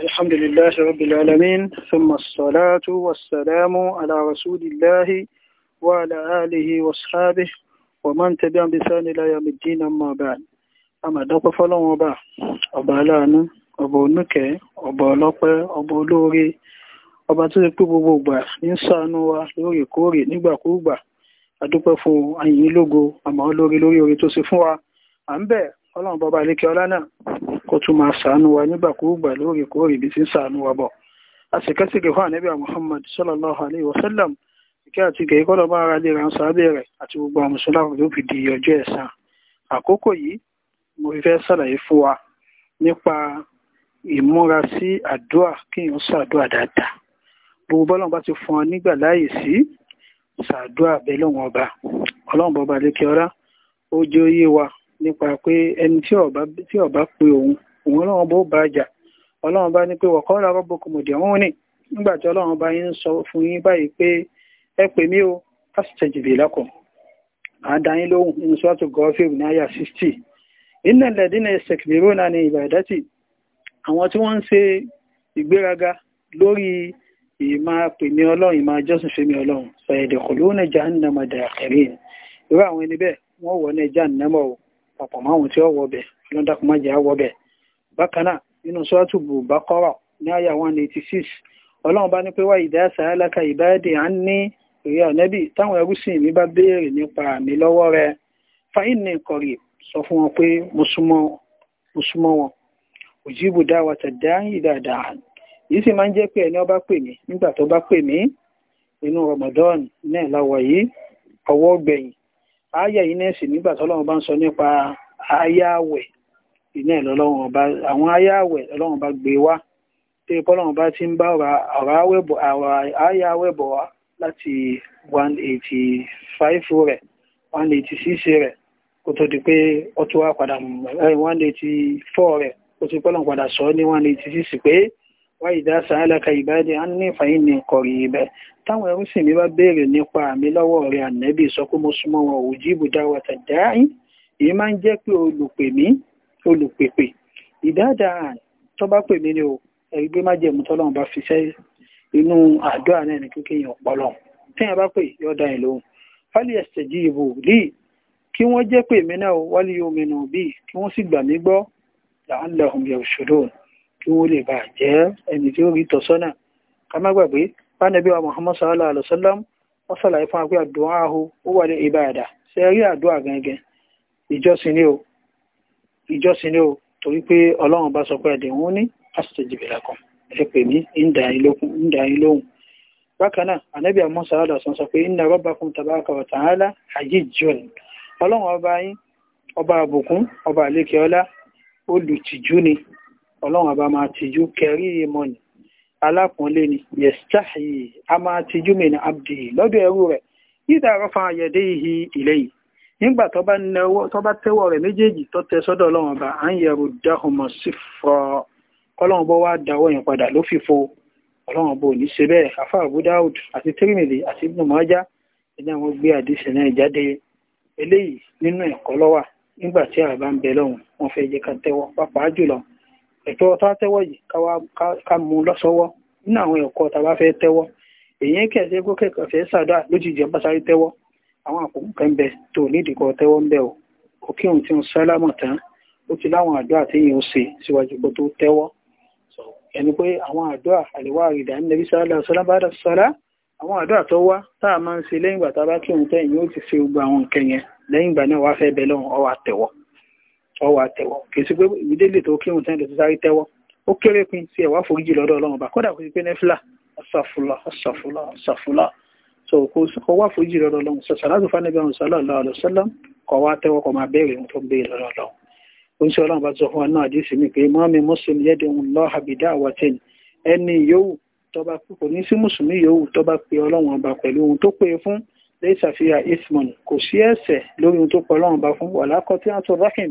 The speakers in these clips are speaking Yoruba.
الحمد لله رب العالمين ثم الصلاة والسلام على رسول الله وعلى آله وصحابه ومن تبعهم بسان إلى يوم الدين أما بعد أما دوق فلان وبا أبا لانو ọba onúkẹ́ ọba ọlọ́pẹ́ ọba olóore ọba tó ṣe pé gbogbo ìgbà ní ṣàánú wa lóòrèkóòrè nígbàkúùgbà adúpẹ́ fún àyìn lógo àmọ́ olóore lórí oore tó ṣe fún wa à ń bẹ̀ ọlọ́run bọba àlékè ọlá náà kó tún máa ṣàánú wa nígbàkúùgbà lóòrèkóòrè bí ti ń ṣàánú wa bọ̀ àṣekẹ́sìkẹ́ fún ànábì Muhammad sallallahu alayhi wa sallam ìkẹ́ àti gẹ̀ẹ́ kọ́ lọ́ba ara léra ń sábẹ́ rẹ̀ àti gbogbo àwọn mùsùlùmí ló fi di ọjọ́ ẹ̀san àkókò yìí mo fi fẹ́ ṣàlàyé fún wa nípa ìmúra sí àdúà kéèyàn ṣàdúà dáadáa gbogbo bọ́lọ́n bá ti fún ọ nígbà láàyè sí ṣàdúà bẹ́ẹ̀ lọ́wọ́n ọba ọlọ́run bọba lékè ọlá ó jẹ́ òye wa nípa pé ẹni tí ọba pé òun òun ọlọ́run bó bá jà ọlọ́run bá ní pé wọ̀kọ́ lọ́rọ́ bó kòmòdì ọ̀hún ni nígbà tí ọlọ́run bá yín sọ fún yín báyìí pé ẹ pè mí o pásítẹ̀jìbì lọ́kọ̀ àdáyín lóhùn ní sọ́ọ̀tù gọ́ọ̀fíìmù ní àyà 60 iná lẹ́dínà ìsẹ̀kìlérò náà ní ìbàdàtì àwọn tí wọ́n ń ṣe ìgbéraga lórí ìmá pèmí ọlọ́run ìmá jọ́sìn fèmí ọlọ́run sọ̀yẹ̀dẹ̀kọ̀ lóhùn papọ̀ máwọn tí ó wọbẹ̀ lọ́dàkùnmájẹ́ àwọbẹ̀ bákan náà nínú sọ́ọ̀tù bùbákọ́rà ní àyà 186 ọlọ́run bá ní pé wá ìdá sàálàkà ìbáàdì à ń ní ìrí ọ̀nẹ́bì táwọn ẹrúsìn mi bá béèrè nípa mi lọ́wọ́ rẹ fáyín ní ìkọ̀rì sọ fún wọn pé mo súnmọ́ wọn òjìbù dáwà tẹ̀dá ìdáadáa yìí sì máa ń jẹ́ pé ẹni ọba pè mí nígbà tó bá pè mí inú Ramadan náà láwọ̀ yìí ọwọ́ gbẹ̀yìn ayà yìí nẹ́ẹ̀sì nígbà tọ́lọ́run bá ń sọ nípa ayáwẹ̀ iná ìlọ́lọ́run ọba àwọn ayáwẹ̀ lọ́lọ́run bá gbé wá tí bọ́lọ́run bá ti ń bá ọ̀rọ̀ ayáwẹ̀ bọ̀ wá láti five rẹ̀ 186 rẹ̀ kó tó di pé ó tún wá padà eh, four rẹ̀ kó tó bọ́lọ́run padà sọ ní 186 pé wá ìdásá aláka ìbádé á ní ìfàyín ní kọ̀rì ibẹ̀ táwọn ẹrú sì mi bá béèrè nípa mi lọ́wọ́ rẹ̀ ànẹ́bì sọ pé mo súnmọ́ wọn ò jí ibùdá wa tàdá yín èyí máa ń jẹ́ pé olùpè mí olùpèpè ìdáadáa tó bá pè mí ni o ẹ̀rí gbé má jẹ̀mú tọ́lọ́run bá fi sẹ́ inú àdúrà náà ní kékeré ọ̀pọ̀lọ́ téèyàn bá pè yóò dá ẹ̀ lóhùn fálí ẹ̀sẹ̀ jí ìbò líì kí wọ́n jẹ́ pé èmi náà wálé omi nù bíi kí wọ́n sì gbà mí gbọ́ làwọn lẹ́hùn yẹ̀ òṣòro kí wọ́n lè bá jẹ́ ẹni tí ó rí tọ́sọ́nà ká má muhammad sallallahu alaihi wa sallam wọ́n sàlàyé fún agbé àdúrà ahu ó wà ní ìbáàdà ṣe rí àdúrà ìjọsìn o ni o torí pé ọlọ́run bá sọ pé ẹ̀dẹ̀ wọn ní ẹ pè mí yín lóhùn bákan náà ọba yín ọba àbùkún ọba olùtìjú ọlọ́run ọba máa tìjú kẹrí ìmọ̀ ni alákùnlé ni yẹ̀sítáhì a máa tìjú mi ní abdi lọ́dọ̀ ẹrú rẹ̀ ìdá àrọ́fà ayẹ̀dé ìhì ilé yìí nígbà tó bá tẹ́wọ́ rẹ̀ méjèèjì tó tẹ sọ́dọ̀ ọlọ́run ọba à ń yẹrù dáhùnmọ̀ sí fọ́ ọlọ́run bó wá dáwọ́ yẹn padà ló fi fo ọlọ́run bó ní ṣe bẹ́ẹ̀ afá àbúdáwùd àti tírímìlì àti ibùdó ẹni àwọn gbé àdìsí náà jáde eléyìí nínú ẹ̀kọ́ lọ́wà nígbà tí àbá ń bẹ lọ́hùn wọn fẹ́ jẹ́ ká tẹ́wọ́ pàápàá jùlọ ẹ̀tọ́ ọ̀tọ́ tẹ́wọ́ yìí ká mú lọ́sọ́wọ́ nínú àwọn ẹ̀kọ́ tàbá fẹ́ tẹ́wọ́ èyàn kẹ̀sẹ̀ gòkè kẹfẹ́ sàdá lójijì ọba sáré tẹ́wọ́ àwọn àkókò kan bẹ tó nídìí kọ tẹ́wọ́ ń bẹ o òkè òun ti ń sálámọ̀ tán ó ti láwọn àdúrà tí yìí ń ṣe síwájú kó tó tẹ́wọ́ ẹni pé àwọn àdúrà àlewà àrìdà ń lẹbi sálá sálá bá sálá àwọn àdúrà tó wá tá a máa ń ṣe lẹ́yìn ìgbà tá a bá kí òun tẹ́yìn yóò ti ṣe gbogbo àwọn nǹkan yẹn lẹ́yìn ìgbà náà wàá fẹ́ bẹ lọ́hùn ọwọ́ àtẹ̀wọ́ ọwà tẹ̀wọ́ kìí sí pé ìdílé tó kírun tẹ́lẹ̀ tó sáré tẹ́wọ́ ó kéré pin sí ẹ̀wà foríjì lọ́dọ̀ ọlọ́run bá kódà kò sí pé nẹ́fìlà ọ̀sàfùlà ọ̀sàfùlà ọ̀sàfùlà so kò wá foríjì lọ́dọ̀ ọlọ́run sọ̀sọ̀ láti fa níbi ọ̀run sọ́lá ọ̀lá ọ̀lọ́ sọ́lá kọ̀ wá tẹ́wọ́ kọ̀ máa bẹ̀rẹ̀ ohun tó ń béèrè lọ́dọ̀ ọlọ́run ó ń sọ ọlọ́run bá sọ fún wa náà àdísì mi pé mọ́mí mùsùlùm yẹ́dẹ̀ ń lọ́ àbìdá àwọ̀tẹ́ni ẹni yòówù tọba kò ní sí mùsùlùmí yòówù tọba pé ọlọ́run ọba pẹ̀lú ohun tó pé fún lẹ́yìn ṣàfihàn ismon kò sí ẹ̀ṣẹ̀ lórí ohun tó pọ̀ ọlọ́run ọba fún wàlákọ́ tí wọ́n tó rákìn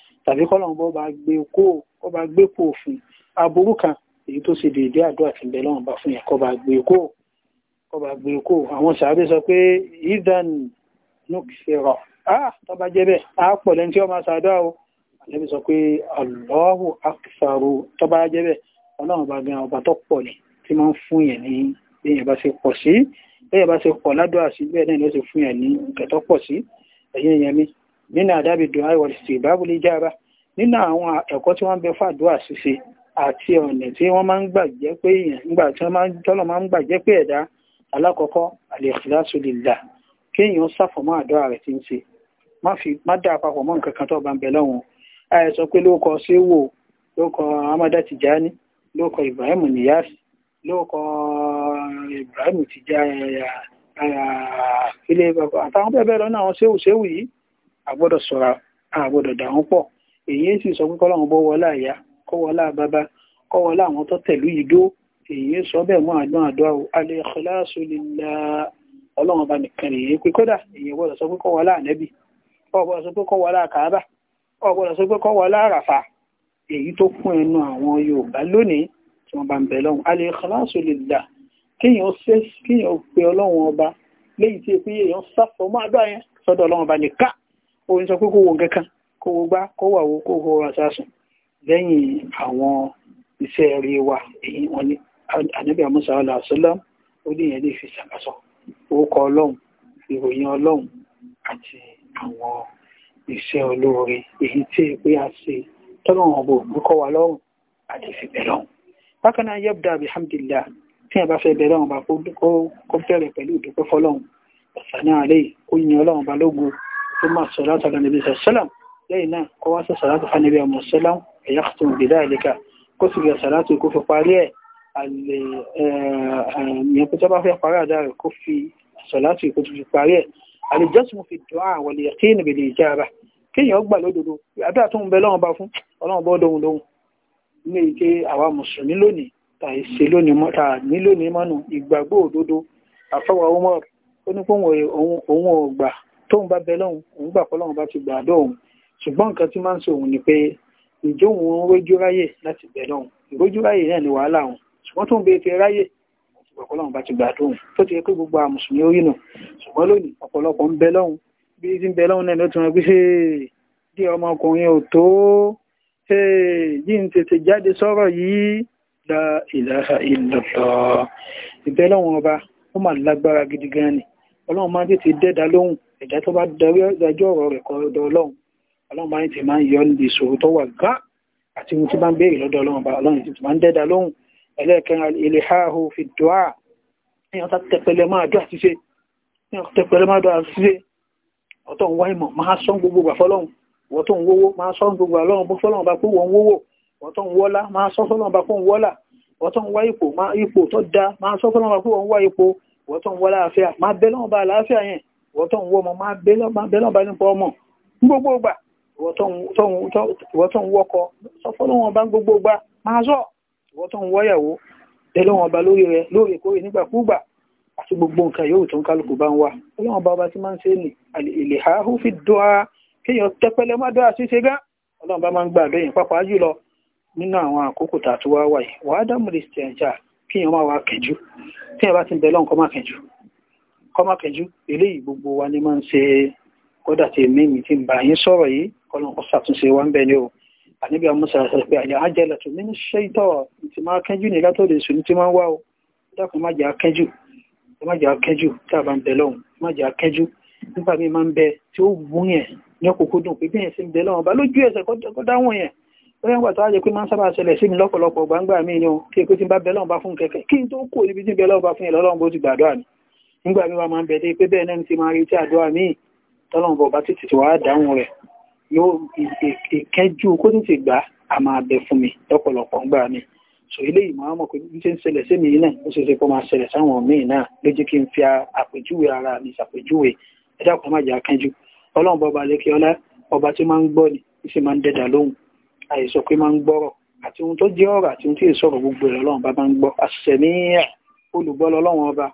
tàbí kọ́lọ̀n bọ́ bá gbé kó ó bá gbé kó òfin aburú kan èyí tó ṣe déédé àdó àti ìbẹ̀ lọ́wọ́n bá fún yẹn kọ́ bá gbé kó kọ́ bá gbé kó àwọn sàábé sọ pé idan nukṣẹ̀rọ̀ ah tó bá jẹ́ bẹ́ẹ̀ á pọ̀ lẹ́ni tí ó máa ṣàdọ́ o àlẹ́bí sọ pé Allahu aksaru tó bá jẹ́ bẹ́ẹ̀ ọlọ́run bá gan ọba tó pọ̀ ni tí máa fún yẹn ní bẹ́yẹn bá ṣe pọ̀ sí bẹ́yẹn bá ṣe pọ̀ ládùá sí bẹ́ẹ̀ náà ló ṣe fún yẹn ní nǹkan pọ̀ sí ẹ̀yìn yẹn nínú àdábì du'a wal istibabu li ijaba nínú àwọn ẹ̀kọ́ tí wọ́n bẹ ati ṣíṣe àti ọ̀nà tí wọ́n máa ń gbàjẹ́ pé èèyàn nígbà tí wọ́n máa ń gbàjẹ́ pé ẹ̀dá alákọ̀ọ́kọ́ al-ikhlasu lillah kéèyàn ṣàfọ̀mọ́ àdúrà rẹ̀ ti ń ṣe má dá papọ̀ mọ́ nǹkan kan tó bá ń amada tijani lóòkọ ibrahim niyas lóòkọ eh, ibrahim eh, eh, ilé àtàwọn bẹ́ẹ̀ bẹ́ẹ̀ lọ́nà àwọn séwù àgbọ́dọ̀ ṣọ́ra àgbọ́dọ̀ dàrún pọ̀ èyí sì sọ pé kọ́lọ́run bọ́ wọlé àyà kọ́ wọlé àbábá kọ́ wọlé àwọn tó tẹ̀lú ìdó èyí sọ bẹ́ẹ̀ mọ́ àdán àdó al-ikhlasu lillah ọlọ́run bá nìkan nìyẹn pé kódà èyí gbọ́dọ̀ sọ pé kọ́ wọlé ànẹ́bì ọgbọ́dọ̀ sọ pé kọ́ wọlé àkàábà ọgbọ́dọ̀ sọ pé kọ́ wọlé àràfà èyí tó kún ẹnu àwọn Yorùbá lónìí tí wọ́n bá ń bẹ lọ́hùn al-ikhlasu lillah kéèyàn ṣe ọlọ́run ọba léyìí tí èyí ń sáfọ́ mọ́ òun sọ pé kó wo nǹkan kan kó wo gbá kó wà wo kó wo àsásùn lẹ́yìn àwọn iṣẹ́ rí wa èyí wọn ni ànábì àmúṣà ọlá àṣọlá ó ní ìyẹn lè fi ṣàkàṣọ orúkọ ọlọ́run ìròyìn ọlọ́run àti àwọn iṣẹ́ olóore èyí tí pé a ṣe tọ́lọ̀ wọn bò ń kọ́ wa lọ́rùn àti ìfìbẹ̀ lọ́rùn bákan náà yẹ́bùdá alhamdulillah tí a bá fẹ́ bẹ̀rẹ̀ ọ̀nà kó bẹ̀rẹ̀ pẹ̀lú ìdúpẹ́ fọlọ́run ọ̀sán náà lè kó yin ọlọ́run balógun ثم الصلاة على النبي صلى الله عليه وسلم لينا قواس صلاة على النبي صلى الله عليه وسلم يختم بذلك كفر صلاة كفر قالية يكتب في قراءة دار كفر صلاة كفر قالية الجسم في الدعاء واليقين بالإجابة كي يقبل لدودو أدعى تهم بلون بافون ọlọ́run bọ́ dóhun lóhun ní ike àwa mùsùlùmí lónìí tàìsí lónìí mọ́nù ìgbàgbọ́ òdodo àfọwọ́ ọmọ ó ní kóhun òun ò gbà tóun bá bẹ lọ́hùn òun gbà pé Ọlọ́run bá ti gbà àdó òun ṣùgbọ́n nǹkan tí máa ń ṣe òun ni pé ìjọ òun ń rójú ráyè láti bẹ lọ́hùn ìrójú ráyè náà ni wàhálà òun ṣùgbọ́n tóun bẹ ti ráyè gbà pé Ọlọ́run bá ti gbà àdó òun tó ti yẹ pé gbogbo àwọn mùsùlùmí orí nù ṣùgbọ́n lónìí ọ̀pọ̀lọpọ̀ ń bẹ lọ́hùn bí ti ń bẹ lọ́hùn náà ló ti rán pé bí ọmọkùnrin ò tó yí ń tètè jáde sọ̀rọ̀ yìí la ilaha illallah ìbẹ́lọ́wọ̀n ọba ó mà lágbára gidi gan ni ọlọ́run máa ń tètè dẹ́dà lóhùn ẹ̀já tó bá dájọ́ ọ̀rọ̀ rẹ̀ kọ́ ọ̀dọ̀ ọlọ́run ọlọ́run máa ń tètè máa ń yọ níbi ìṣòro tó wà gá àti ohun tí máa ń béèrè lọ́dọ̀ ọlọ́run bá ọlọ́run tètè máa ń dẹ́dà lóhùn ẹlẹ́ẹ̀kẹrin ilẹ̀háhù fi dùá èèyàn tá tẹpẹlẹ máa dùn àti ṣe èèyàn tẹpẹlẹ máa dùn àti ṣe ọ̀tọ̀ ń wá ìmọ̀ máa sọ́ wọ́n tó ń wọ́ láàáfíà máa bẹ́ lọ́wọ́ bá àlàáfíà yẹn wọ́n tó ń wọ́ ọmọ máa bẹ́ lọ́wọ́ bá nípa ọmọ gbogbo gbà wọ́n tó ń wọ́kọ sọfọ́lọ́wọ́n bá gbogbo gbà máa sọ wọ́n tó ń wọ́yàwó bẹ́ lọ́wọ́ bá lórí rẹ lóòrèkóòrè nígbàkúgbà àti gbogbo nǹkan yóò tó ń kálukú bá ń wà ọlọ́wọ́n bá ọba tí máa ń ṣe ní ilẹ̀ ààhú fi dọ́ra kéèyàn tẹpẹlẹ má dọ́ra ṣíṣe gá ọlọ́wọ́n bá máa ń gbà lóyìn pápá jùlọ nínú àwọn àkókò tààtúwá wáyé wàá dámúlẹ̀ ṣẹ̀jà kí èèyàn máa wà kẹjú tí èèyàn bá ti ń kọ́ máa kẹjú kọ́ máa kẹjú eléyìí gbogbo wa ni máa ń ṣe kódà tí èmi mi ti ń bá yín sọ̀rọ̀ yìí kọ́lọ́n kó ṣàtúnṣe wa ń bẹ̀ ni o àníbi àwọn mọ̀sálásí pé àyà ájẹ́lẹ̀ tó ní ṣe ìtọ́ ti máa kẹjú ní látòdè sùn ti máa ń wá o dákun má jẹ́ akẹ́jù má jẹ́ akẹ́jù tá a bá ń bẹ̀lọ́ má jẹ́ akẹ́jù nígbà míì máa bóyá ń gbà tó á jẹ́ pé máa ń sábà ṣẹlẹ̀ sí mi lọ́pọ̀lọpọ̀ gbangba mi ni o kí n pé tí n bá bẹ lọ́run bá fún kẹ̀kẹ́ kí n tó kò níbi tí n bẹ lọ́run bá fún yẹn lọ́run bó ti gbàdúrà mi nígbà mi wa máa ń bẹ dé pé bẹ́ẹ̀ náà ti máa retí àdúrà mi tọ́lọ́run bọ̀ bá tètè tí wàá dáhùn rẹ̀ yóò ìkẹ́jú kó tètè gbà á máa bẹ fún mi lọ́pọ̀lọpọ̀ gbà mi so eléyìí máa mọ̀ pé ń ṣẹlẹ̀ sí mi náà ó ṣe ṣe kó máa ṣẹlẹ̀ sáwọn míì náà ló jẹ́ kí n fi àpèjúwe ara mi ṣàpèjúwe ẹ̀dá kan má jẹ́ akánjú ọlọ́run bọ̀ balẹ̀ kí ọlá ọba tí máa ń gbọ́ ni ó sì máa ń dẹ́dà lóhùn àìsọ pé máa ń gbọ́rọ̀ àti ohun tó jẹ́ ọ̀rọ̀ àti ohun tí èso ọ̀rọ̀ gbogbo ẹ̀rọ ọlọ́run bá máa ń gbọ́ àṣẹ ní ẹ̀ olùgbọ́ lọ́lọ́run ọba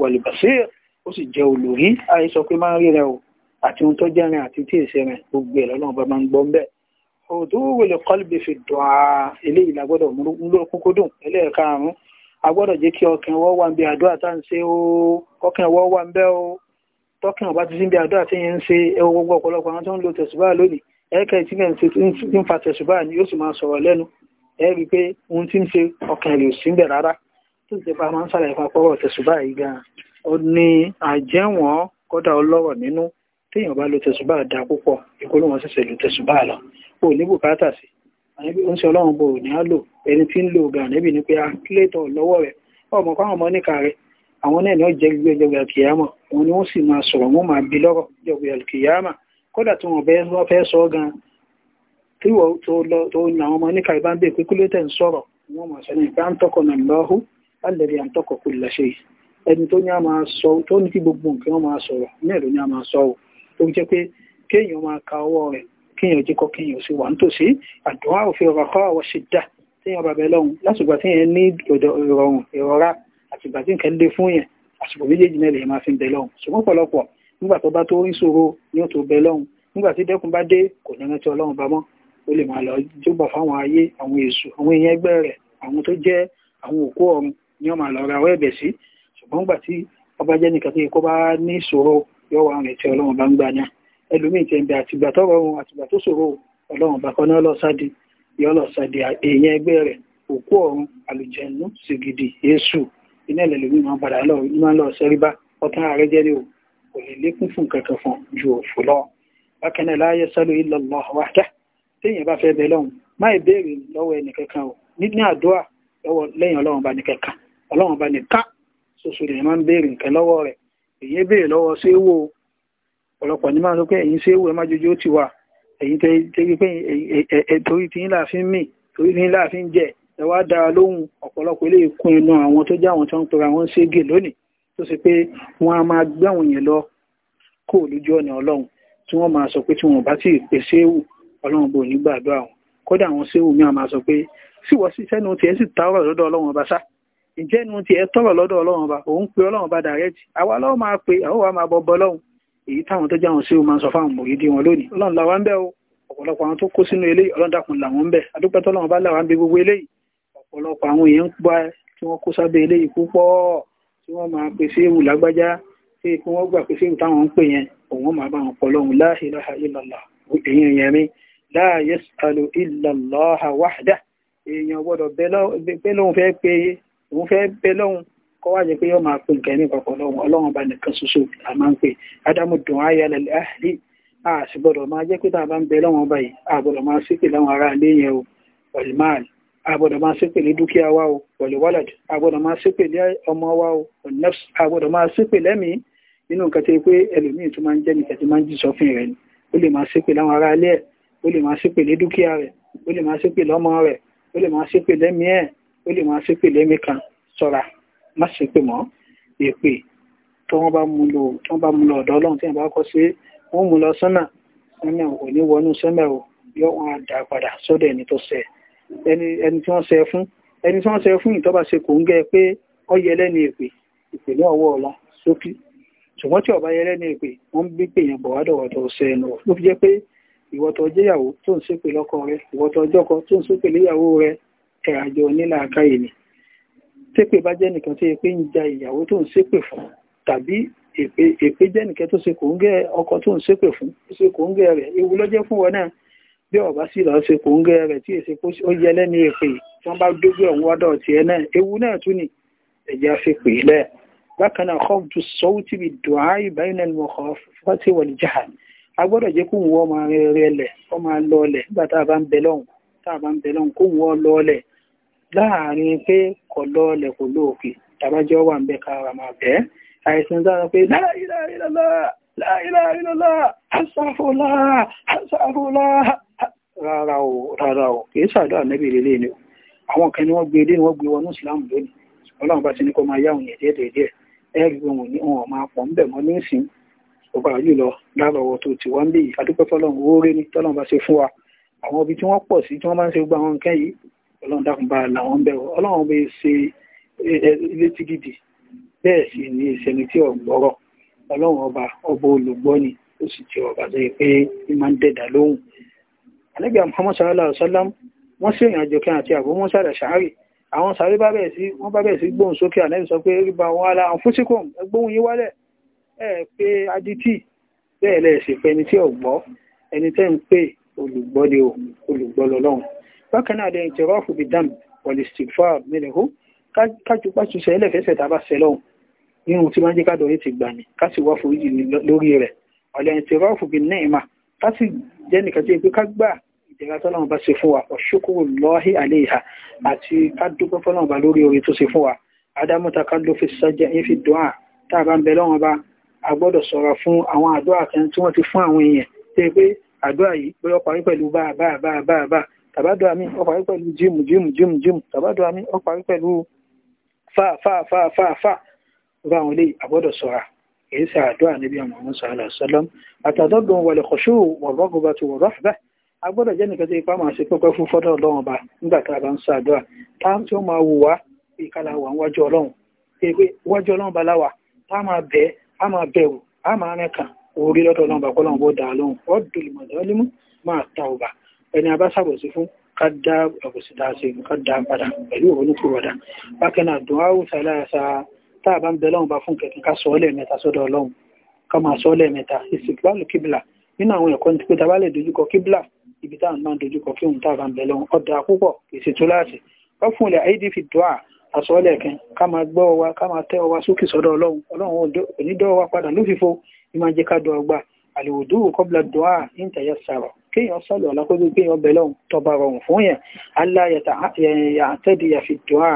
wọ̀lùbàṣẹ́ ó sì jẹ́ olùrí àìsọ pé máa ń rí rẹ o àti ohun tó jẹ́ rẹ àti tí èsì rẹ gbogbo ẹ̀rọ ọlọ́run ọba máa ń gbọ́ bẹ́ẹ̀ òdó wèlé kọ́lùbì fi dùn á eléyìí la gbọ́dọ̀ múlò kúkú dùn ẹlẹ́ẹ̀karùn ẹ̀ẹ́kẹ́ tí mẹ́rin ti ń fa tẹ̀sùbá ni yóò sì máa sọ̀rọ̀ lẹ́nu ẹ̀ẹ́rí pé ohun tí ń ṣe ọkàn rẹ̀ ò sí bẹ̀ rárá tó ti pa máa ń sàlàyé papọ̀rọ̀ tẹ̀sùbá yìí gan-an ó ní àjẹ́wọ̀n kọ́dà ọlọ́rọ̀ nínú téèyàn bá lo tẹ̀sùbá dáa púpọ̀ ìkóló wọn ṣẹ̀ṣẹ̀ lo tẹ̀sùbá lọ kò ní bùkátà sí àyẹ̀bí oúnjẹ ọlọ́run bò ní á lò ẹni tí ń lo ni pé a kílẹ̀tọ̀ lọ́wọ́ rẹ̀ ọmọ káwọn ọmọ níka rẹ̀ àwọn náà ní ọjẹ́ ni wọ́n sì máa sọ̀rọ̀ wọ́n máa bi lọ́rọ̀ kódà tí wọ́n fẹ́ sọ gan tí wọ́n tó ní àwọn ọmọ níka ìbá ń bè pé kúlé tẹ̀ ń sọ̀rọ̀ wọ́n mọ̀ sẹ́ni ìbá ń tọkọ̀ nà lọ́hù alẹ́rí à ń tọkọ̀ kú lẹ́ṣẹ̀ ẹni tó ní a máa sọ tó ní kí gbogbo nǹkan wọn máa sọ̀rọ̀ ní ẹ̀rọ ní a máa sọ tó jẹ́ pé kéèyàn máa ka ọwọ́ rẹ̀ kéèyàn jẹ́kọ́ kéèyàn sì wà nítòsí àdúrà òfin ọ̀rọ̀ kọ́ àwọ̀ ṣe dà téèyàn bàbá ẹlọ́run lásìgbà téèyàn ní ìrọ̀rùn ìrọ̀rá àtìgbà tí nǹkan lé fún yẹn àsìkò méjèèjì náà lè máa fi ń bẹ lọ́run ṣùgbọ́n pọ̀lọpọ̀ nígbà tó bá tó rí ṣòro ní òtò bẹ lọ́hùn nígbà tí dẹ́kun bá dé kò ní rántí ọlọ́run bá mọ́ ó lè máa lọ jọgbà fáwọn ayé àwọn èṣù àwọn èèyàn ẹgbẹ́ rẹ̀ àwọn tó jẹ́ àwọn òkú ọ̀run ni wọ́n máa lọ ra ọwọ́ ẹ̀bẹ̀ sí ṣùgbọ́n nígbà tí ọba jẹ́ nìkan tó yẹ kó bá ní ìṣòro yóò wà rántí ọlọ́run bá ń gbà ní ẹlòmíì tẹ̀ ń bẹ àtìgbà tó rọrùn àtìgbà tó ṣòro ọlọ́run bá kọ́ná ọlọ́sàdì yọlọ́sàdì èèyàn ẹgbẹ́ rẹ̀ òkú ọ̀run àlùjẹ̀nú sìgìdì èṣù iná ẹlẹ́lòmíì máa ń padà lọ sẹ́rí ọkàn ààrẹ jẹ́ ní òkú kò fún kankan fún ju òfò lọ bákan náà la yasalu illa bá fẹ́ bẹ lọ́wọ́ ẹnìkankan o ní àdúrà lọ́wọ́ lẹ́yìn ọlọ́run bá nìkankan ọlọ́run bá nìkan ṣoṣo lèyàn máa ń béèrè nǹkan lọ́wọ́ rẹ̀ èyí béèrè lọ́wọ́ séwò ọ̀pọ̀lọpọ̀ ní máa sọ pé ẹ̀yin séwò ẹ má jojú ó ti wà ẹ̀yin tẹ́rí pé torí tí yín láàfin mì torí tí yín láàfin jẹ ẹ wá dára lóhùn ọ̀pọ̀lọpọ̀ eléyìí kún ẹnu àwọn tó jẹ́ àwọn tó tó sì pé wọ́n á máa gbé àwọn èèyàn lọ kó lójú ọ̀nà ọlọ́run tí wọ́n máa sọ pé tí wọ́n bá sì pè séwù ọlọ́run bò ní gbàdúrà wọn kódà àwọn séwù mi á máa sọ pé síwọ sí sẹ́nu tiẹ̀ sì tààrọ̀ lọ́dọ̀ ọlọ́run ọba sá ǹjẹ́ nu tiẹ̀ tọ̀rọ̀ lọ́dọ̀ ọlọ́run ọba òun pe ọlọ́run ọba dàrẹ́tì àwa lọ́wọ́ máa pe àwọn wa máa bọ bọ lọ́hùn èyí táwọn tó jẹ́ àwọn séwù máa sọ fáwọn mòrídì wọn lónìí ọlọ́run làwọn ń bẹ o ọ̀pọ̀lọpọ̀ àwọn tó kó sínú eléyìí ọlọ́run dákun làwọn ń bẹ adúpẹ́ tọ́lọ́run bá làwọn ń bẹ gbogbo eléyìí ọ̀pọ̀lọpọ̀ àwọn èèyàn ń gbà tí wọ́n kó sábẹ́ eléyìí púpọ̀ tí wọ́n máa pe séwù lágbájá tí ikú wọ́n gbà pé séwù táwọn ń pè yẹn òun máa bá wọn pọ̀ lọ́hùn la ilaha illallah èyàn yẹn mi la yas'alu illallah wahda èèyàn gbọ́dọ̀ bẹ́ lọ́hùn fẹ́ pe òun fẹ́ bẹ́ lọ́hùn kọ́ wáyé pé yọ́ máa pe nǹkan ní papọ̀ lọ́hùn ọlọ́run bá nìkan ṣoṣo a máa ń pe ádámù dùn áyà àhìlì ah, a máa jẹ́ pé tá a bá ń bẹ lọ́wọ́n báyìí a gbọ́dọ̀ máa ṣépè láwọn ará ilé yẹn o ọ̀lmáàlì àgbọ̀dọ̀ máa ṣépèlé dúkìá wa o pẹ̀lú wálàjì àgbọ̀dọ̀ máa ṣépèlé ọmọ wa o nẹ́fṣ àgbọ̀dọ̀ máa ṣépèlé mi nínú nǹkan tó yẹ pé ẹlòmíì tó máa ń jẹ́ nìkan tó máa ń jìsọ fún rẹ̀ ni ó lè máa ṣépèlé àwọn ará ilé ẹ̀ ó lè máa ṣépèlé dúkìá rẹ̀ ó lè máa ṣépèlé ọmọ rẹ̀ ó lè máa ṣépèlé mi ẹ̀ ó lè máa ṣépèlé mi kan sọ́ra má ṣépè mọ́ èpè tó wọ́n bá mú lò tó wọ́n bá mú lọ ọ̀dọ̀ ọlọ́run tí wọ́n bá kọ́ sí wọ́n mú lọ sọ́nà ẹni tí wọ́n ṣe fún ẹni tí wọ́n fún ìtọ́ba se kò ń gẹ́ pé ọ yẹlẹ́ ní èpè èpè ní ọwọ́ ọ̀la sókí ṣùgbọ́n tí ọba yẹlẹ́ ní èpè wọ́n yẹn bọ̀ wádọ̀ wọ́tọ̀ ẹnu ló pé ìwọ́tọ̀ jẹ́yàwó tó ń ṣépè lọ́kọ rẹ ìwọ́tọ̀ ọjọ́kọ tó ń léyàwó rẹ̀ ewu bí ọ̀bá sì lọ́ọ́ ṣe kò ń gẹ́ rẹ̀ tí èsì kó ó yẹ lẹ́nu èpè tí wọ́n bá dógbé ọ̀hún wọ́dọ̀ tiẹ̀ náà ewu náà tún ni ẹ̀jẹ̀ fi pè é lẹ̀ bákan náà kọ́ tu sọ́wọ́ tí bi dùn á ìbáyìí lẹ́nu ọkọ̀ fọ́tí wọ̀lì jáà a gbọ́dọ̀ jẹ́ kóhùn wọ́n máa rẹ̀ lẹ̀ wọ́n máa lọ lẹ̀ nígbà tá a bá ń bẹ lọ́hùn tá a bá ń bẹ lọ́hùn kóhùn wọ́n lọ lẹ̀ láàrin pé kò lọ lẹ̀ kò lóòkè tàbájọ́ wà ń bẹ kára máa bẹ́ àìsàn dára pé láìláìlọ́lá láìláìlọ́lá àṣàfòlá àṣàfòlá rárá o rárá o kì í ṣàdúrà nẹ́bì lélẹ̀ ni o àwọn kan ni wọ́n gbé ilé ni wọ́n gbé wọnú ìsìlámù lónìí ọlọ́run bá ti ní kó máa yá òun yẹn díẹ̀ díẹ̀ ẹ̀rí wọn ní wọn máa pọ̀ ń bẹ̀ mọ́ ní ìsìn ọba yìí lọ lárọ̀wọ́ tó ti wá ń bí adúpẹ́ fọlọ́run oore ni tọ́lọ́run bá ṣe fún wa àwọn ibi tí wọ́n pọ̀ sí tí wọ́n bá ń ṣe gbogbo àwọn nǹkan yìí ọlọ́run dákun bá làwọn bẹ̀rù ọlọ́run bẹ ṣe létí gidi bẹ́ẹ̀ sì ni ìṣẹ́ni tí ọ̀gbọ́rọ̀ ọlọ́run ọba ọba olùgbọ́ ni ó sì alẹ́gbẹ̀ Muhammad sallallahu alaihi wasallam wọ́n sí ìrìn àjò kan àti Abu Musa al-Ash'ari àwọn sàárè bá bẹ̀rẹ̀ sí wọ́n bá bẹ̀rẹ̀ sí gbóhùn sókè ànẹ́bì sọ pé rí bá wọn ala anfusikum ẹgbóhùn yí wálẹ̀ ẹ pé adití bẹ́ẹ̀ lẹ̀ sì pé ẹni tí ò gbọ́ ẹni tẹ́ ń pè olùgbọ́dẹ o olùgbọ́lọ́lọ́hun bákan náà dẹ̀ ti rọ́ọ̀fù bí dam wal-istighfar minhu kájú pàṣù sẹ́lẹ̀ ìdíra tọ́lọ́run bá ṣe fún wa ọ̀ṣọ́kùrù lọ́hí àléhà àti kádúpẹ́ fọ́lọ́run bá lórí orí tó ṣe fún wa adámọ́ta kádó fi sọ́jẹ́ ń fi dùn án tá a bá ń bẹ lọ́wọ́n bá a gbọ́dọ̀ sọ̀rọ̀ fún àwọn àdúrà kan tí wọ́n ti fún àwọn èèyàn tó yẹ pé àdúrà yìí pé ó parí pẹ̀lú bá bá bá bá bá a gbọ́dọ̀ jẹ́ nìkan tó ipá máa ṣe pẹ́pẹ́ fún fọ́dọ̀ ọlọ́run ọba nígbà tá a bá ń sọ àdúrà tá tí ó máa wù wá ìkàlà wà wájú ọlọ́run pé wájú ọlọ́run ọba láwà tá a máa bẹ̀ a máa bẹ̀rù a máa rìn kàn orí lọ́dọ̀ ọlọ́run ọba kọ́lọ́run bó dáa lóhùn ọ́ dùlù mọ̀dọ́límù máa ta ọba ẹni abá ṣàbòsí fún ká dá àbòsí dáa sí ká dá padà pẹ̀lú òrónúkúrọ̀dà bákan náà dùn áwùsà láyàsá tá nínú àwọn ẹ̀kọ́ ní pé tá a bá ibi tá à ń máa ń dojúkọ kí òun tàbá ń bẹ lọ́wọ́ ọ̀dà púpọ̀ èsì tó láti wọ́n fún ilẹ̀ idp dua àsọ̀ọ́lẹ̀ kan ká máa gbọ́ ọwa ká máa tẹ́ ọwa sókè sọ́dọ̀ ọlọ́run ọlọ́run onídọ́wà padà ló fìfo ní máa jẹ́ ká dọ̀ ọgbà àlèwòdú kọ́bla dua ìntẹ̀yẹ sàrọ̀ kéèyàn sọ̀lọ̀ ọ̀làkójú kéèyàn bẹ̀ lọ́run tọba rọrùn fún yẹn aláyàtà àtẹ́dìyà fi dua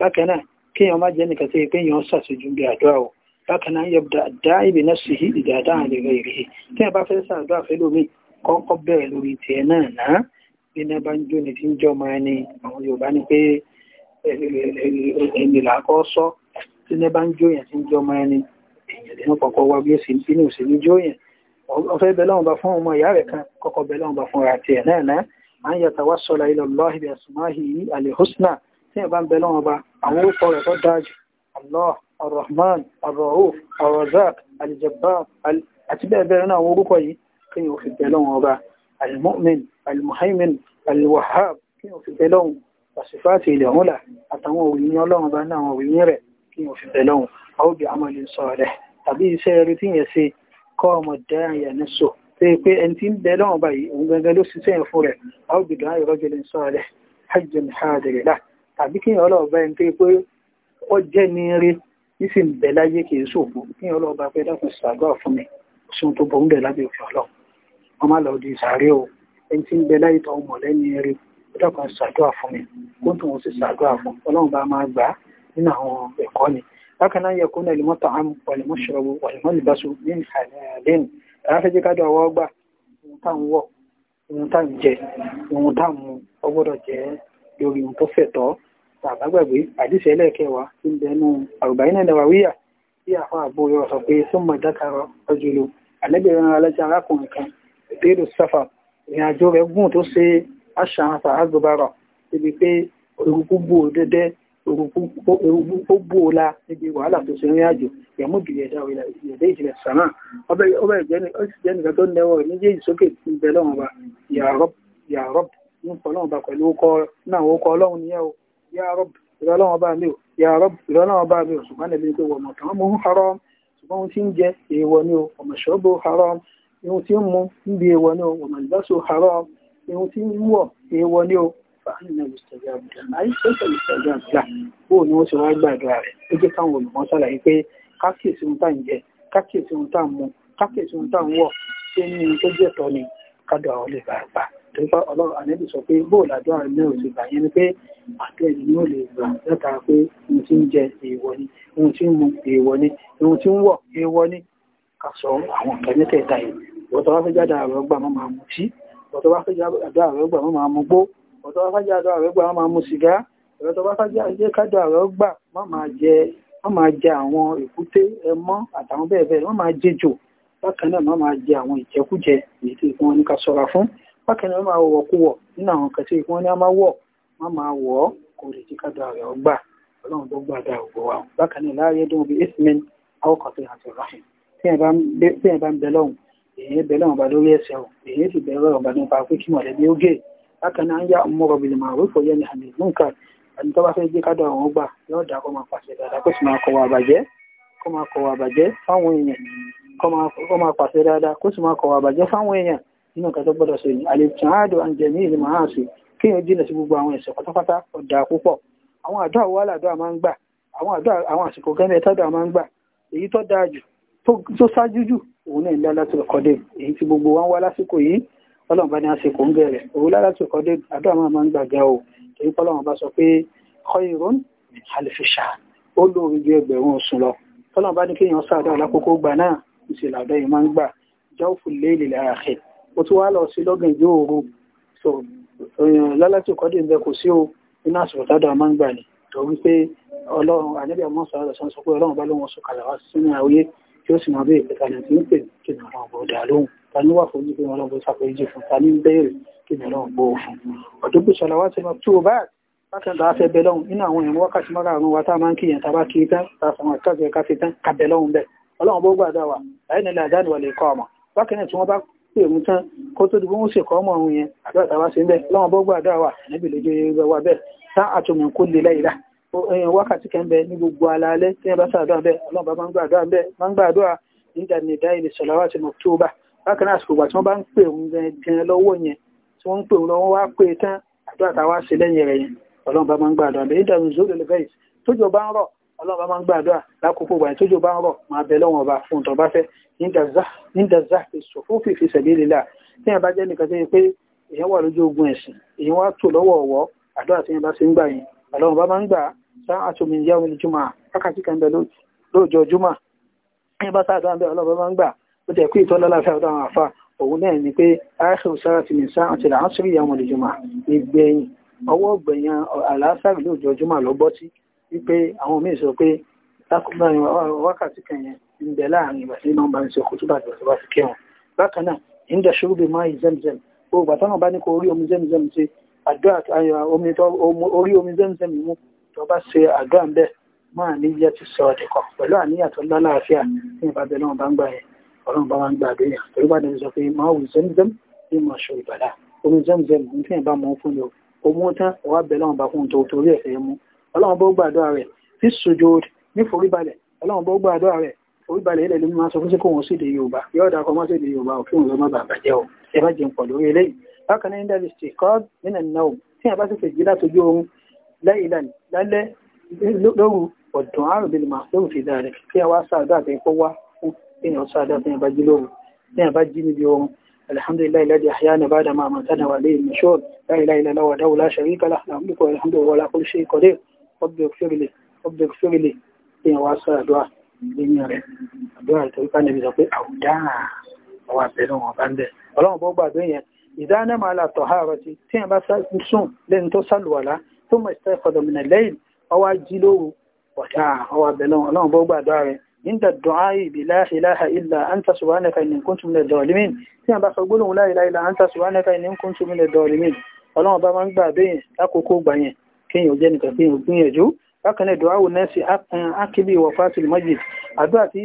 bákan náà kéèyàn má jẹ́ nìkan tó yẹ kéèyàn sàṣojú bí àdúrà o bákan náà yẹ dáa kọ́kọ́ bẹ̀rẹ̀ lórí tiẹ̀ náà náà bí iná bá ń jó ni tí ń jọ máa ni àwọn Yorùbá ní pé ẹ̀mí làákọ́ sọ tí iná bá ń jó yẹn tí ń jọ máa ni èèyàn lẹ́nu kọ̀ọ̀kan wá bí ó sì bí ní jó yẹn ọ̀fẹ́ bẹ̀ lọ́wọ́n bá fún ọmọ ìyá rẹ̀ kan kọ́kọ́ bẹ̀ lọ́wọ́n bá fún ara tiẹ̀ náà náà à ń yàtọ̀ wá sọ̀rọ̀ àti bẹ́ẹ̀ bẹ́ẹ̀ náà àwọn orúkọ yìí kí ni ó fi bẹ̀ lọ́wọ́ ọba almu'min almuhaimin alwahab kí ni ó fi bẹ̀ lọ́wọ́ wàsífàtì ilẹ̀ ọ̀húnlà àtàwọn òrìyìn ọlọ́run bá náà òrìyìn rẹ̀ kí ni ó fi bẹ̀ lọ́wọ́ a ó bí amọ̀lẹ̀ sọ̀rẹ̀ tàbí iṣẹ́ rí tí yẹn ṣe kọ́ ọmọ dáyà ní so pé pé ẹni tí ń bẹ lọ́wọ́ báyìí òun gangan ló ṣiṣẹ́ yẹn fún rẹ̀ a ó bí dáyà rọ́jòlẹ̀ sọ̀rẹ̀ hajjẹn hajjẹrẹ̀lá tàbí kí ọlọ́run bá ẹni tó pé ó jẹ́ ní rí nísìnyí bẹ̀ láyé kì í ṣòfò kí ọlọ́run bá pẹ́ dákun ṣàgbà fún mi oṣù tó bọ̀ ń bẹ̀ lábẹ́ òfin ọlọ́run wọ́n má lọ di sàárè o ẹni tí ń bẹ láyé tó mọ̀ lẹ́ni eré ọjọ́ kan ṣàdúrà fún mi kó tó wọn sì ṣàdúrà fún ọlọ́run bá máa gbà á nínú àwọn ẹ̀kọ́ ni bákan náà yẹ kó náà lèmọ́ tàn án wàlèmọ́ ṣọ̀rọ̀ wàlèmọ́ lìbáṣọ ní àlẹ́yìn aláfẹ́jẹ́ kájọ àwọ̀ ọgbà ohun tá ń wọ̀ ohun tá ń jẹ ohun tá ń mu ọ gbọ́dọ̀ jẹ́ lórí ohun tó fẹ̀tọ́ tàbágbàgbé àdìsẹ́ ẹlẹ́ẹ̀kẹwàá ìbéèrè sáfà ìrìn àjò rẹ̀ gùn tó ṣe àṣàǹfà àgbàbàrà ibi pé orúkú bò dédé orúkú bò la níbi wàhálà tó ṣe rìn àjò ìyàmú ìdílé ẹ̀dá òyìnbá ìdílé ìjìnlẹ̀ sàmà ọbẹ̀ ìjẹ́ nìkan tó nẹwọ̀ méjèèjì sókè ti bẹ̀ lọ́wọ́n wa ya Rabb ya Rabb ń pọ̀ ba pẹ̀lú náà ó kọ́ ọlọ́run nìyẹn ya Rabb ìrọ̀lọ́wọ́n bá mi ya Rabb ìrọ̀lọ́wọ́n bá mi o ṣùgbọ́n ẹ̀mí pé haram ṣùgbọ́n ohun tí o ọ̀mọ̀ṣọ́bù haram irun tí ń mu níbi èèwọ̀ ni o wọ́n mọ̀ nígbà so tí ń wọ̀ èèwọ̀ ni o fàánù ìṣẹ̀lẹ̀ àbùdá láì ṣẹ̀ṣẹ̀ ìṣẹ̀lẹ̀ àbùdá bóò ni wọ́n ṣe wá gbàdúrà rẹ̀ ó jẹ́ ń jẹ ń wọ̀ ṣé ní tó jẹ́ tọ́ ni kádọ̀ àwọn lè bàa gbà torípa ọlọ́run ànẹ́bì sọ pé bóò làdúrà náà ti gbà yẹn ni pé àdúrà ẹni yóò lè gbà látara pé ohun tí ń jẹ èèwọ̀ ni ohun tí ń mu èèwọ̀ ni ohun tí ń wọ̀ èèwọ̀ ni ká sọ àwọn ọ̀tọ̀ yìí ọ̀tọ̀ wá fẹ́ jáde ààrẹ ọgbà mọ́ máa mú sí ọ̀tọ̀ wá fẹ́ jáde ààrẹ ọgbà mọ́ máa mú gbó ọ̀tọ̀ wá fẹ́ jáde ààrẹ ọgbà mọ́ máa mú sìgá ọ̀tọ̀ wá fẹ́ jáde kájọ ààrẹ ọgbà mọ́ máa jẹ wọ́n máa jẹ àwọn èkúté ẹmọ́ àtàwọn bẹ́ẹ̀ bẹ́ẹ̀ wọ́n máa jẹjò bákan náà wọ́n máa jẹ àwọn ìjẹkújẹ èyí tí wọ́n ní ká ṣọ́ra fún bákan wọ́n máa wọ̀ kú nínú àwọn kan tí ní a máa wọ̀ wọ́n máa wọ̀ kò lè jí ká da ọ̀rẹ́ ọgbà ọlọ́run tó gbàdá ògbó wa bákan náà láàyè dùn bí ismin èyí bẹ̀rẹ̀ ọba lórí ẹsẹ̀ o èyí sì bẹ̀rẹ̀ ọba nípa pé kí mọ̀lẹ́bí ó gé bákan náà ń yá ọmọọrọ̀ bìlì máa rúfò yẹn ní àmì ìmúǹkà ẹni tó bá fẹ́ gbé ya ọ̀hún gbà yóò dá kó máa pàṣẹ dáadáa kó sì máa kọ̀wà nye kó máa kọ̀wà àbàjẹ́ fáwọn èèyàn kó máa pàṣẹ dáadáa kó sì máa kọ̀wà àbàjẹ́ fáwọn èèyàn ní ìlú màá kí òun náà Lailatul Qadr èyí tí gbogbo wa ń wá lásìkò yìí ọlọ́run bá ní àsìkò ń bẹ̀rẹ̀ òun Lailatul Qadr àdúrà máa máa ń gbàgbà o èyí pọ́lọ́run bá sọ pé khairun min alfi shahr ó lóore ju ẹgbẹ̀rún oṣù lọ tọ́lọ́run bá ní kéèyàn sáàdọ̀ alákòókò gbà náà ìṣe làdọ́ yìí máa ń gbà jawful layli al-akhir ó tún wá lọ sí lọ́gàn ìjó tí ó sì máa bèèrè kalẹ̀ tí ń pè kí ni ọlọ́run bó dá lóhùn ta ní wà fún ní pé ọlọ́run bó ṣàpèjì fún ta ní bẹ́ẹ̀rẹ̀ kí ni ọlọ́run bó fún ọdún bí ṣọlá wá ti mọ tó bá lákàndá afẹ́ bẹ lọ́hùn nínú àwọn ìrìn wákàtí márààrún wa tá a máa ń kíyàn tá a bá kí tán tá a sọ wọn káfíẹ káfí tán kàbẹ lọ́hùn bẹ ọlọ́run bó gbàdá wa láì nílẹ̀ àdáni wà lè kọ́ ọmọ bákan náà tí wọ́n bá pè mú tán kó tó di wọ́n sì kọ́ ọmọ ọ̀run yẹn àdúrà tá a ń bẹ ọlọ́run bó gbàdá wa ẹ̀nẹ́bì lójú wa bẹ́ẹ̀ tá àtúmọ̀ kó lè láyìí wákàtí kan bẹ ní gbogbo alaalẹ́ tí wọ́n bá sàdúrà bẹ́ẹ̀ ọlọ́run bá máa ń gbàdúrà bẹ́ẹ̀ máa ń gbàdúrà nígbà ní ìdá ilẹ̀ sọ̀lá wà tí mo tó bá bákan náà àsìkò ìgbà tí wọ́n bá ń pè òun gan lọ́wọ́ yẹn tí wọ́n ń pè òun lọ́wọ́ wá pé tán àdúrà tá a wá sí lẹ́yìn rẹ̀ yẹn ọlọ́run bá máa ń gbàdúrà bẹ́ẹ̀ nígbà ní zoro lẹ́fẹ̀ẹ́ tójò bá ń rọ̀ ọlọ́run bá máa ń gbàdúrà lákòókò ìgbà tójò bá ń rọ̀ máa bẹ lọ́wọ́n ọba fún tó bá fẹ́ nígbà zá fi sọ fún fìfì sabilillah tí yẹn bá jẹ́ nìkan tó yẹ pé èèyàn wà lójú ogun ẹ̀sìn èèyàn wá tò lọ́wọ́ ọ̀wọ́ ń gbà yẹn ọlọ́run bá máa ń gbà sáàtù min yawmil jumu'ah wákàtí kan bẹ lóòjọ́ jùmọ̀ ẹni bá sáàtù àbẹ ọlọ́run bá máa ń gbà ó jẹ́ pé ìtọ́lọ́lá fẹ́ ọ̀dọ̀ àwọn àfa òun náà ni pé áṣù sáàtù min sáàtì al-asri yawmil jumu'ah ìgbẹ̀yìn ọwọ́ gbẹ̀yàn àlàásàrì lóòjọ́ jùmọ̀ ló bọ́ sí wípé àwọn míì sọ àdúrà omi tó orí omi zẹ́mzẹ́m mú tó bá ṣe àdúrà ń bẹ̀ máa níyà ti sọ ọ̀dẹ̀kọ̀ pẹ̀lú àníyàn tó lálàáfíà tí ìbábẹ̀ náà bá ń gbà yẹn ọlọ́run bá wá ń gbà àdúyà torí bá dẹni sọ pé máa wù zẹ́mzẹ́m ní mọ̀ ṣe ìbàdà omi zẹ́mzẹ́m ń fi ìbá mọ́ fún yóò ó mú tán ọwá bẹ̀ lọ́run bá fún tó torí ẹ̀fẹ́ mú ọlọ́run bó gbàdúrà rẹ̀ fi sojo ní foríbalẹ̀ ọlọ́run bó gbàdúrà rẹ̀ foríbalẹ̀ ilẹ̀ ló máa sọ fún sí kóhun sí èdè bákan náà nígbà lè kọ́ nínú náà tí yẹn bá sì fèjì látọjú oorun lẹ́yìn lálẹ́ lóru ọ̀dùn àrùn bíi màá lóru fi dáa rẹ̀ kí yẹn wá sáàdá àti ẹ̀kọ́ wá fún kí yẹn sáàdá tí yẹn bá jí lóru tí yẹn bá jí níbi oorun alhamdulillah alladhi ahyana ba'da ma amatana wa alayhi an-nushur la ilaha illa huwa wahdahu la sharika lahu lahu al-mulku wa lahu al-hamdu wa huwa ala kulli shay'in qadir rabbi ighfir li rabbi ighfir li kí yẹn wá sáàdá lẹ́yìn rẹ̀ àdúrà ìtọ́jú ká níbi sọ pé àwùdá àwọn ìdánimọ̀ àlàtọ̀ àárọ̀ sí tí ẹ̀ bá sùn lẹ́ni tó sàlùwàlá tó mọ̀ ìsẹ́ ìfọ̀dọ̀mìnà lẹ́yìn ọwá jí lóru ọ̀dà ọwà bẹ̀lọ́n ọlọ́run bó gbàdúrà rẹ̀ nígbà dùnà ìbí láìláha ìlà anta subhanaka inni kuntu minad zalimin tí a bá sọ gbólóhùn láìláìlá anta subhanaka inni kuntu minad zalimin ọlọ́run bá máa ń gbà bẹ́yìn lákòókò gbà yẹn kéèyàn jẹ́ nìkan kéèyàn gbìyànjú bákan náà dùnà náà sí akíbi wafati al-majid àdúrà tí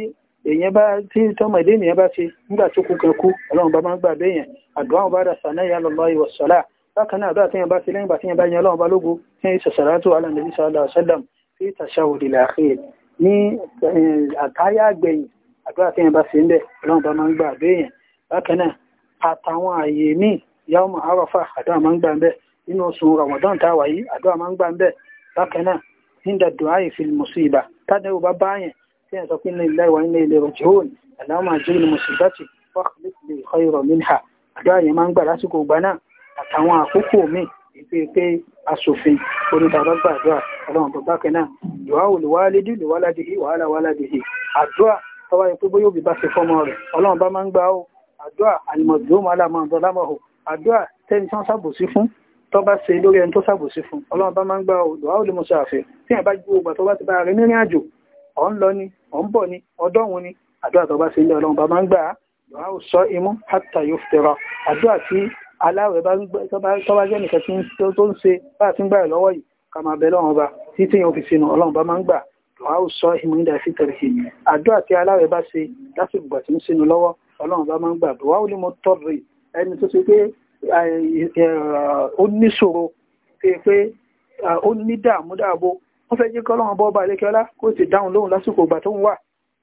èyàn bá tí tọmọdé ènìyàn bá ṣe nígbà tó kú kẹkú ọlọ́run bá máa ń gbàgbé yẹn àdúrà wọn bá dà sànà ìyá lọlọ ìwọ̀sọ̀lá bákan náà àdúrà téèyàn bá ṣe lẹ́yìn ìgbà téèyàn bá yan ọlọ́run bá lógo téèyàn ṣàṣàrà tó alẹ́ nàbí sallallahu alaihi wasallam fi tashahhud al-akhir ní àtáyà gbẹ̀yìn àdúrà téèyàn bá ṣe ń bẹ̀ ọlọ́run bá máa ń gbàgbé yẹn bákan náà àtàwọn àyè míì yawma Arafa àdúrà máa ń gbà ń nínú oṣù Ramadan táwa yìí àdúrà máa ń gbà ń bákan náà nígbà du'a fil musiba tádẹ́wò bá báyẹn tí ẹ̀ sọ pé inna lillahi wa inna ilayhi raji'un Allahumma ajirni musibati wakhlif li khayran minha àdúrà yẹn máa ń gbà lásìkò ìgbà náà àtàwọn àkókò míì ìpè pé asòfin onídàbà gbàdúrà ọlọ́run tó bá kẹ́nà ìwà ò lè wá lédí lè wá ládé yìí wàhálà wá ládé yìí àdúrà tọ́wá yẹ pé bóyá òbí bá ṣe fọ́mọ rẹ̀ ọlọ́run bá máa ń gbà ó àdúrà àlùmọ̀dúró máa là máa ń dọ́lá mọ̀ ó àdúrà tẹ́ni tí wọ́n ṣàbòsí fún tó bá ṣe lórí ẹni tó ṣàbòsí fún ọlọ́run bá máa ń gbà ó ìwà ò lè mọ̀ ṣàfẹ́ tí ẹ̀ bá gbogbo tó bá ti bá rẹ̀ nírìn àjò ọ̀ ń lọ ni ọ̀ ń bọ̀ ni ọdọ́hun ni àdúrà tó bá ṣe ilé ọlọ́run bá máa ń gbà á wàá ò sọ imú hátà yóò fẹ́ra àdúrà tí aláwẹ̀ tó bá jẹ́ nìkan tó ń ṣe bá a ti ń gbà lọ́wọ́ yìí ká máa bẹ lọ́run bá títí yẹn fi sínú ọlọ́run bá máa ń gbà wàá ò sọ imú ní dàsí tẹ̀lẹ̀kì àdúrà tí aláwẹ̀ bá ṣe lásìkò ìgbà tí ń sínú lọ́wọ́ ọlọ́run bá máa ń gbà wàá ò lè mọ tọ́rì ẹni tó ṣe pé ó níṣòro pé ó ní dààmú dààbò wọ́n fẹ́ jẹ́ kí ọlọ́run bọ́ ọba àlékẹ́ọ́lá kó sì dáhùn lóhùn lásìkò ìgbà tó ń wà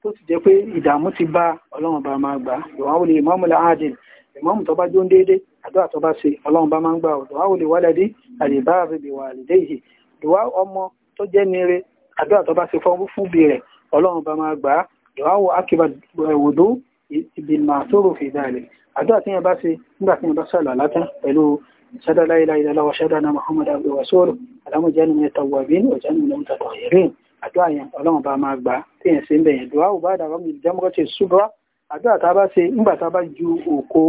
tó sì jẹ́ pé ìdààmú ti bá ọlọ́run bá máa gbà ìwà olè ìmọ̀ọ́mù làádìl ìmọ̀ọ́mù tó bá jó ń déédé àdúrà tó bá ṣe ọlọ́run bá máa ń gbà ìwà olè wálẹ̀dí àdìbá àbẹ̀bẹ̀ wà lédè yìí ìwà ọmọ tó jẹ́ nire àdúrà tó bá ṣe fún fún bí rẹ̀ ọlọ́run bá máa gbà ìwà wo akíba ìwòdó eh, ìbìmọ̀ àtòrò fìdálẹ̀ àdúrà tí yẹn bá ṣe nígbà tí yẹn bá ṣàlọ́ أشهد لا إله إلا الله وأشهد أن محمدا عبده ورسوله اللهم اجعلنا من التوابين واجعلنا من المتطهرين àdúrà yẹn ọlọ́run bá máa gbà téèyàn ṣe ń bẹ̀yẹn dùn áwò bá dàrọ́ mi jẹ́mọ́rọ́tì ṣùgbọ́n àdúrà tá a bá ṣe ńgbà tá a bá ju òkò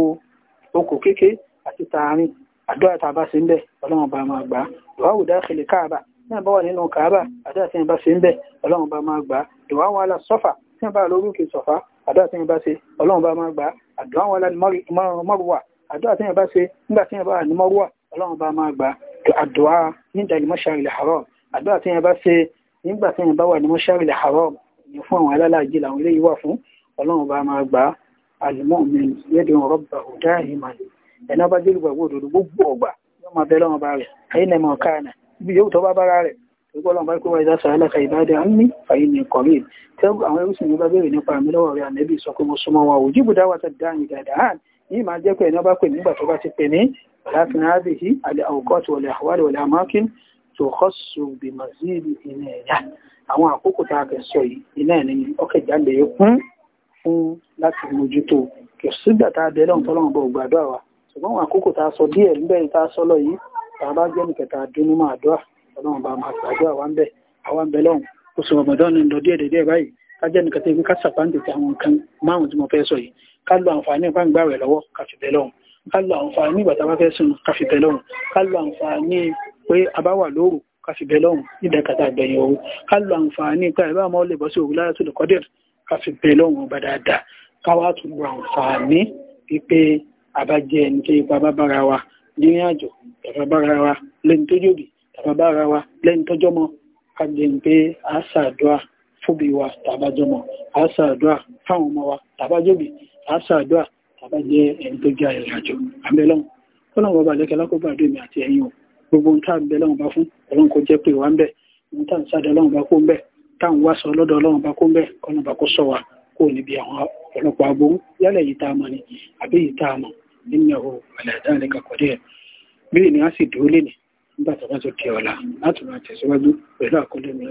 òkò kéke àti tààrin àdúrà tá a bá ṣe ń bẹ̀ ọlọ́run bá máa gbà dùn áwò dákìlì káàbà tí wọ́n bá wà nínú káàbà àdúrà tí wọ́n bá ṣe ń bẹ̀ ọlọ́run bá máa gbà dùn áwò alá sọ́fà tí wọ́n bá lórí òkè sọ́fà àdúrà tí wọ́n bá ṣe ọlọ́run bá máa gbà àdúrà wọn alá mọ́rùwà àdúrà tí yẹn bá ṣe nígbà tí yẹn bá wà ní mọ́rúwà ọlọ́run bá máa gbà àdúrà nígbà ní mọ́ṣárì haram àdúrà tí yẹn bá ṣe nígbà tí yẹn bá wà ní mọ́ṣárì haram ní fún àwọn alálàájì làwọn ilé yìí wà fún ọlọ́run bá máa gbà almu'min yẹ́dùn rọ́bà da'iman ẹ̀nà bá délùgbà gbòdòdó gbogbo ọgbà yóò máa bẹ lọ́wọ́ bá rẹ̀ ẹ̀yìn náà mọ̀ káàna ibi bá kó wáyé dáṣà aláka ìbáde àmì fàyè ní kọ̀rí tẹ́gbọ̀n àwọn ẹrú sì ní bá bèèrè nípa àmì lọ́wọ́ rẹ̀ ànẹ́bí sọ pé mo súnmọ́ wọn òjì bùdá wa tẹ̀ dáhìn dáadáa yìí máa jẹ́ pé ẹni ọba pè nígbà tó bá ti pè ní láàfin àbíhí àlẹ́ àwòkọ́tù ọ̀lẹ́ àwárẹ̀ ọ̀lẹ́ àmọ́kín tó kọ́sù bí mazid iná ẹ̀yà àwọn àkókò tá a kẹ sọ yìí iná ẹ̀ ní ọkẹ̀ jáde kún fún láti mójútó kò sígbà tá a bẹ lọ́n tọ́lọ́n bọ̀ gbàdúrà wa ṣùgbọ́n àwọn àkókò tá a sọ díẹ̀ níbẹ̀ tá a sọ lọ yìí tá a bá jẹ́ nìkẹta dúnú máa dọ́à ọlọ́run bá máa gbàdúrà ká lo àǹfààní gbangba rẹ̀ lọ́wọ́ kàfi bẹ̀ lọ́hùn ká lo àǹfààní ìgbà tá a bá fẹ́ sùn kàfi bẹ̀ lọ́hùn ká lo àǹfààní pé a bá wà lóru kàfi bẹ̀ lọ́hùn nídàkàtà àgbẹ̀yìn ooru ká lo àǹfààní pé àìbá ọmọ lè bọ́ sí òru lára tó lè kọ́dẹ̀ kàfi ọba dáadáa ká wá tún lo àǹfààní pípé àbájẹ́ ẹni tó ipa bá bára wa nírìn àjò tàbá bára wa lẹ́ni tó jòbì tàbá bára wa lẹ́ni tó ká jẹun pé a fúbi wa tàbájọmọ àṣàdúà fáwọn ọmọ wa tàbájọbì àṣàdúà tàbájẹ ẹni tó jẹ ìrìn àjò àbẹlọrun kọlọrun ọba lẹkẹ lákòóbá àti o gbogbo ń bá fún kò jẹ pé wà ń bẹ ń sáde bá kó ń bẹ ń wá sọ bá kó ń bẹ bá kó sọ wa kó níbi àwọn agbóhùn yìí tá a ni àbí yìí tá a mọ̀ nínú